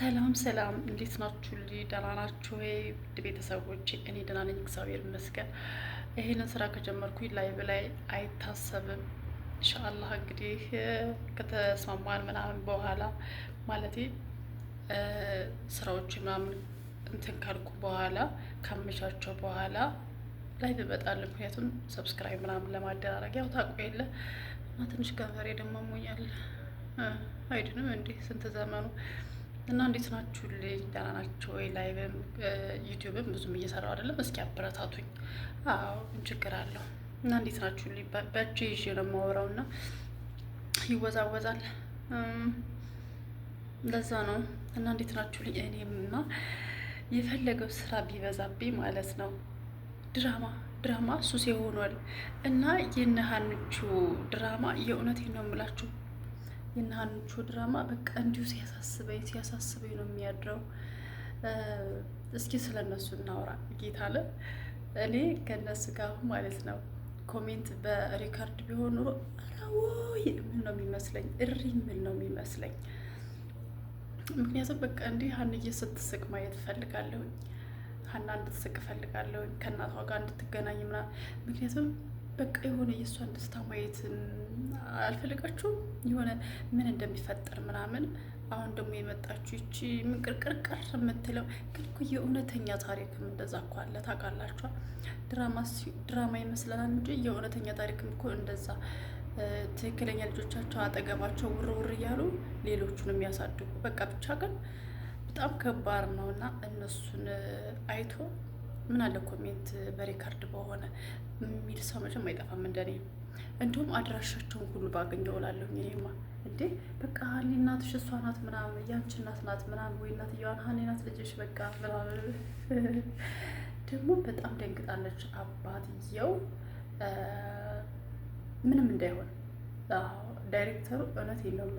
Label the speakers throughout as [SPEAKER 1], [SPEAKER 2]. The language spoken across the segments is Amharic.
[SPEAKER 1] ሰላም ሰላም፣ እንዴት ናችሁ? ደህና ናችሁ ወይ ውድ ቤተሰቦች? እኔ ደህና ነኝ፣ እግዚአብሔር ይመስገን። ይሄንን ስራ ከጀመርኩ ላይ በላይ አይታሰብም። ኢንሻአላህ እንግዲህ ከተስማማን ምናምን በኋላ ማለቴ ስራዎች ምናምን እንትን ካልኩ በኋላ ከመቻቸው በኋላ ላይ ይመጣል። ምክንያቱም ሰብስክራይብ ምናምን ለማደራረግ ያው ታውቁ የለ እና ትንሽ ከንፈሬ ደግሞ ሞኛል። አይድንም እንዲህ ስንት ዘመኑ እና እንዴት ልጅ ደህና ናቸው ወይ? ላይቭም ዩቲዩብም ብዙም እየሰራው አይደለም። እስኪ አበረታቱኝ። አዎ ችግር አለው። እና እንዴት ልጅ? በእጅ ይዤ ነው የማወራው እና ይወዛወዛል። ለዛ ነው። እና እንዴት ናችሁልኝ? እኔም እና የፈለገው ስራ ቢበዛብኝ ማለት ነው ድራማ ድራማ ሱሴ ሆኗል። እና የነሀንቹ ድራማ የእውነት ነው የምላችሁ የነሀንቾ ድራማ በቃ እንዲሁ ሲያሳስበኝ ሲያሳስበኝ ነው የሚያድረው። እስኪ ስለ እነሱ እናውራ። ጌታ ለ እኔ ከእነሱ ጋር ማለት ነው ኮሜንት በሪካርድ ቢሆን ኑሮ አራወይ ምን ነው የሚመስለኝ እሪ ምን ነው የሚመስለኝ። ምክንያቱም በቃ እንዲህ ሀንዬ ስትስቅ ማየት እፈልጋለሁኝ። ሀና እንድትስቅ እፈልጋለሁኝ። ከእናቷ ጋር እንድትገናኝ ምናምን ምክንያቱም በቃ የሆነ የእሷን ደስታ ማየት አልፈልጋችሁም። የሆነ ምን እንደሚፈጠር ምናምን። አሁን ደግሞ የመጣችሁ ይቺ ምንቅርቅርቅር የምትለው ግን እኮ የእውነተኛ ታሪክም እንደዛ እኮ አለ ድራማ ይመስለናል እንጂ የእውነተኛ ታሪክም እኮ እንደዛ ትክክለኛ ልጆቻቸው አጠገባቸው ውርውር እያሉ ሌሎቹን የሚያሳድጉ በቃ ብቻ ግን በጣም ከባድ ነው እና እነሱን አይቶ ምን አለ ኮሜንት በሪካርድ በሆነ የሚል ሰው መቼም አይጠፋም እንደኔ። እንዲሁም አድራሻቸውን ሁሉ ባገኘው እላለሁ። ይሄማ እንዴ በቃ እኔ እናትሽ እሷ ናት ምናምን ያንቺ እናት ናት ምናምን ወይ እናትየዋን እኔ ናት ልጅሽ በቃ ምናምን። ደግሞ በጣም ደንግጣለች። አባትየው ምንም እንዳይሆን ዳይሬክተሩ እውነት የለውም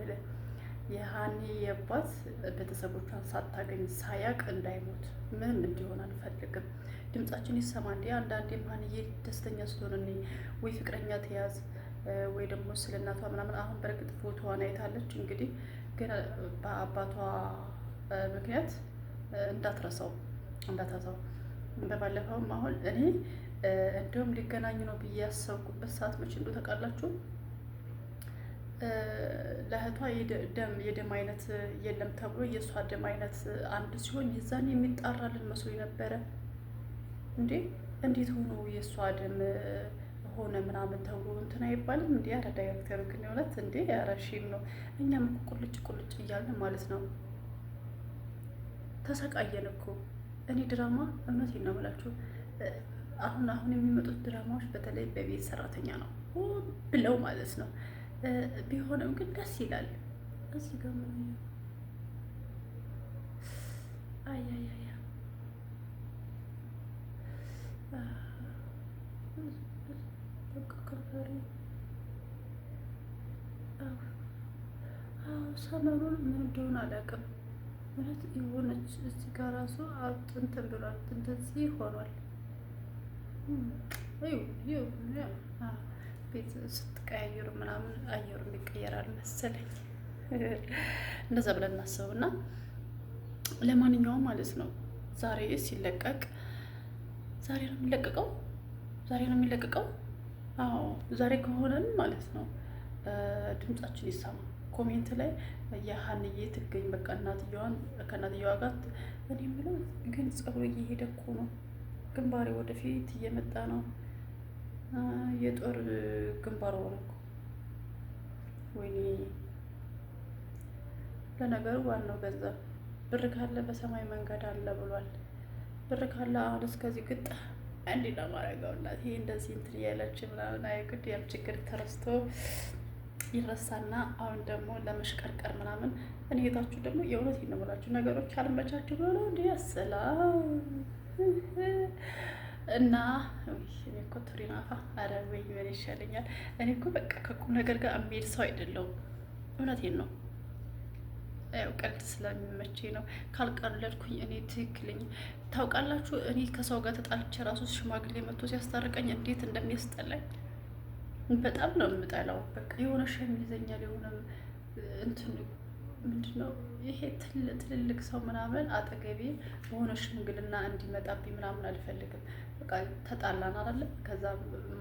[SPEAKER 1] የሀኒ የባት ቤተሰቦቿን ሳታገኝ ሳያቅ እንዳይሞት ምንም እንዲሆን አልፈልግም። ድምጻችን ይሰማ እንዲ አንዳንዴም ሀኒዬ ደስተኛ ስለሆነ ወይ ፍቅረኛ ተያዝ ወይ ደግሞ ስለ እናቷ ምናምን። አሁን በእርግጥ ፎቶዋን አይታለች። እንግዲህ ግን በአባቷ ምክንያት እንዳትረሳው እንዳትረሳው በባለፈውም አሁን እኔ እንዲሁም ሊገናኙ ነው ብዬ ያሰብኩበት ሰዓት መቼ እንደው ታውቃላችሁ ለእህቷ የደም አይነት የለም ተብሎ የእሷ ደም አይነት አንድ ሲሆን የዛን የሚጣራልን መስሎ ነበረ። እንዴ እንዴት ሆኖ የእሷ ደም ሆነ ምናምን ተብሎ እንትን አይባልም። እንዲ ያረ ዳይሬክተሩ ግን የሆነት እንዴ ኧረ ነው። እኛም እኮ ቁልጭ ቁልጭ እያልን ማለት ነው ተሰቃየን እኮ። እኔ ድራማ እውነት ነው የምላችሁ አሁን አሁን የሚመጡት ድራማዎች በተለይ በቤት ሰራተኛ ነው ብለው ማለት ነው ቢሆንም ግን ደስ ይላል። እዚህ ጋር ምን አያያያ ሰመኑን ምን እንደሆነ አላውቅም። ማለት የሆነች እዚህ ጋር ራሱ እንትን ብሏል፣ እንደዚህ ሆኗል። ቤት ስትቀያየሩ ምናምን አየሩም ይቀየራል መሰለኝ እንደዛ ብለን እናስብና ለማንኛውም ማለት ነው ዛሬ ሲለቀቅ ዛሬ ነው የሚለቀቀው ዛሬ ነው የሚለቀቀው አዎ ዛሬ ከሆነን ማለት ነው ድምጻችን ይሰማ ኮሜንት ላይ የሀንዬ ትገኝ በቃ እናትየዋን ከእናትየዋ ጋር እኔ የምለው ግን ፀጉሩ እየሄደ እኮ ነው ግንባሬ ወደፊት እየመጣ ነው የጦር ግንባር ወርኩ። ወይኔ ለነገሩ ዋናው ገንዘብ ብር ካለ በሰማይ መንገድ አለ ብሏል። ብር ካለ አሁን እስከዚህ ግጥ እንዲህ ነው እናት ይሄ እንደዚህ እንትን እያለች ምናምን አይግድ ያም ችግር ተረስቶ ይረሳና አሁን ደግሞ ለመሽቀርቀር ምናምን እኔ እህታችሁ ደግሞ የእውነት ይነብራችሁ ነገሮች አልመቻችሁ ብሎ እንዲህ ያስላል። እና እኔ እኮ ቱሪናፋ አረበይ ምን ይሻለኛል? እኔ እኮ በቃ ከቁም ነገር ጋር የሚሄድ ሰው አይደለሁም። እውነቴን ነው። ያው ቀልድ ስለሚመቼ ነው። ካልቀለድኩኝ እኔ ትክክለኝ ታውቃላችሁ። እኔ ከሰው ጋር ተጣልቼ ራሱ ሽማግሌ መጥቶ ሲያስታርቀኝ እንዴት እንደሚያስጠላኝ በጣም ነው የምጠላው። በቃ የሆነ ሸሚዘኛል የሆነ እንትን ምንድነው ይሄ ትልልቅ ሰው ምናምን አጠገቤ በሆነ ሽምግልና እንዲመጣብኝ ምናምን አልፈልግም። በቃ ተጣላን አላለ ከዛ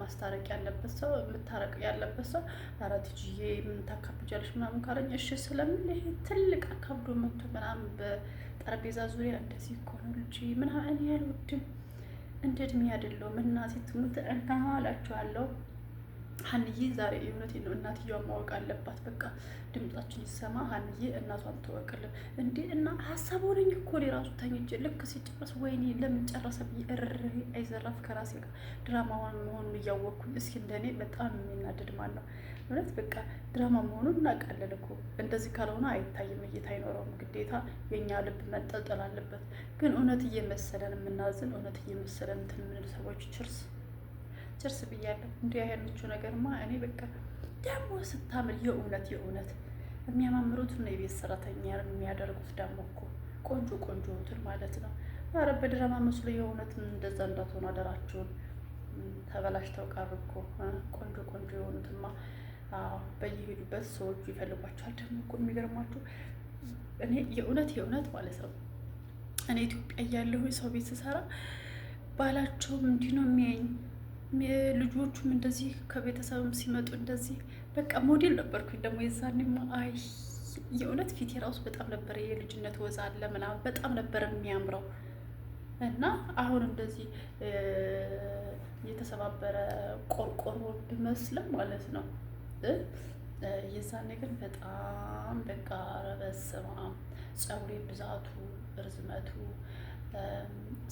[SPEAKER 1] ማስታረቅ ያለበት ሰው የምታረቅ ያለበት ሰው ኧረ ትጅዬ ምን ታካብጃለሽ ምናምን ካለኝ እሺ ስለምን ይሄ ትልቅ ከብዶ መቶ ምናምን በጠረጴዛ ዙሪያ እንደዚህ ከሆነ ልጅ ምናምን ያልወድም እንደ እድሜ አይደለሁም እናቴ ትሙት እናላችኋለሁ። ሀንዬ ዛሬ የእውነቴን ነው፣ ማወቅ አለባት። በቃ ድምጻችን ይሰማ፣ ሀንዬ እናቷን ትወቅልን። እንዴ እና ሀሳብ ሆነኝ እኮ እኔ ራሱ ተኝቼ ልክ ሲጨረስ ወይኔ ለምን ጨረሰ ብዬ እርሬ አይዘራፍ ከራሴ ጋር ድራማ መሆኑን እያወቅኩኝ፣ እስኪ እንደኔ በጣም የሚናደድ ማን ነው እውነት። በቃ ድራማ መሆኑን እናውቃለን እኮ እንደዚህ ካልሆነ አይታይም፣ እይታ አይኖረውም። ግዴታ የእኛ ልብ መንጠልጠል አለበት። ግን እውነት እየመሰለን የምናዝን፣ እውነት እየመሰለን እንትን የምንል ሰዎች ችርስ ችርስ ብያለሁ። እንዲህ ያለችው ነገርማ እኔ በቃ ደግሞ ስታምር የእውነት የእውነት የሚያማምሩት ነው የቤት ሰራተኛ የሚያደርጉት ደግሞ እኮ ቆንጆ ቆንጆትን ማለት ነው። ኧረ በድራማ መስሎ የእውነት እንደዛ እንዳትሆኑ አደራችሁን። ተበላሽተው ቀሩ እኮ ቆንጆ ቆንጆ የሆኑትማ በየሄዱበት ሰዎቹ ይፈልጓቸዋል። ደግሞ እኮ የሚገርማችሁ እኔ የእውነት የእውነት ማለት ነው እኔ ኢትዮጵያ እያለሁ ሰው ቤት ስሰራ ባላቸውም እንዲህ ነው የሚያኝ ልጆቹም እንደዚህ ከቤተሰብም ሲመጡ እንደዚህ በቃ ሞዴል ነበርኩኝ። ደግሞ የዛኔማ አይ የእውነት ፊት የራሱ በጣም ነበረ የልጅነት ወዛ አለ ምናምን በጣም ነበረ የሚያምረው እና አሁን እንደዚህ የተሰባበረ ቆርቆሮ ብመስልም ማለት ነው። የዛኔ ግን በጣም በቃ ረበስማ ፀጉሬ ብዛቱ እርዝመቱ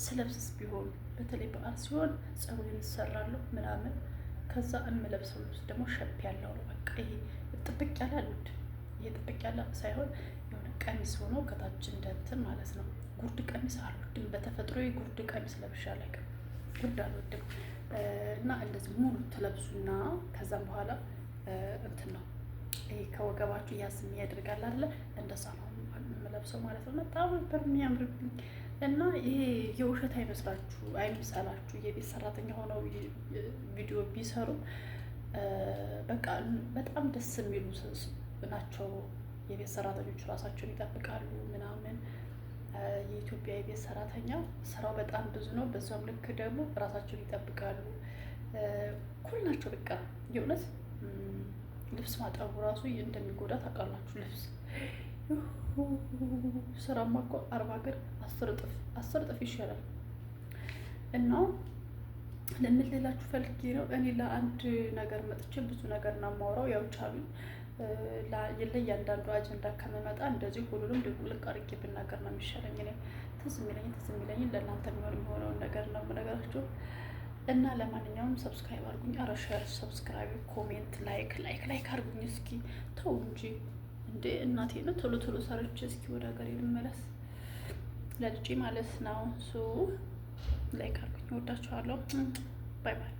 [SPEAKER 1] ስለብስ ቢሆን በተለይ በዓል ሲሆን ፀጉሬን እሰራለሁ ምናምን ከዛ የምለብሰው ልብስ ደግሞ ሸፕ ያለው ነው። በቃ ይሄ ጥብቅ ያለ ልድ ይሄ ጥብቅ ያለ ሳይሆን የሆነ ቀሚስ ሆኖ ከታች እንደ ማለት ነው። ጉርድ ቀሚስ አልወድም። በተፈጥሮ ጉርድ ቀሚስ ለብሻ ላይ ጉርድ አልወድም እና እንደዚህ ሙሉ ትለብሱና ከዛም በኋላ እንትን ነው ይሄ ከወገባችሁ ያስ የሚያደርጋል አለ እንደሳ ነው የምለብሰው ማለት ነው። በጣም በሚያምርብኝ እና ይሄ የውሸት አይመስላችሁ አይምሰላችሁ። የቤት ሰራተኛ ሆነው ቪዲዮ ቢሰሩ በቃ በጣም ደስ የሚሉ ናቸው። የቤት ሰራተኞች ራሳቸውን ይጠብቃሉ ምናምን። የኢትዮጵያ የቤት ሰራተኛ ስራው በጣም ብዙ ነው። በዛም ልክ ደግሞ ራሳቸውን ይጠብቃሉ። ኩል ናቸው። በቃ የእውነት ልብስ ማጠቡ ራሱ እንደሚጎዳ ታውቃላችሁ ልብስ ስራማ እኮ አርባ ሀገር አስር እጥፍ አስር እጥፍ ይሻላል። እና ለምንሌላችሁ ፈልጌ ነው። እኔ ለአንድ ነገር መጥቼ ብዙ ነገር ነው የማወራው። ያው ቻሉ እያንዳንዱ አጀንዳ ከመመጣ እንደዚህ ሁሉንም ድብልቅ አድርጌ ብናገር ነው የሚሻለኝ። እኔ ትዝ የሚለኝ ትዝ የሚለኝ ለእናንተ የሚሆን የሚሆነውን ነገር ነው የምነግራችሁ። እና ለማንኛውም ሰብስክራይብ አርጉኝ። አረ ሰብስክራይብ፣ ኮሜንት፣ ላይክ ላይክ ላይክ አርጉኝ። እስኪ ተው እንጂ እንደ እናቴ ነው ቶሎ ቶሎ ሰርች እስኪ ወደ ሀገር ልመለስ ለልጄ ማለት ነው። ሱ ላይክ አድርጉኝ። ወዳችኋለሁ። ባይ ባይ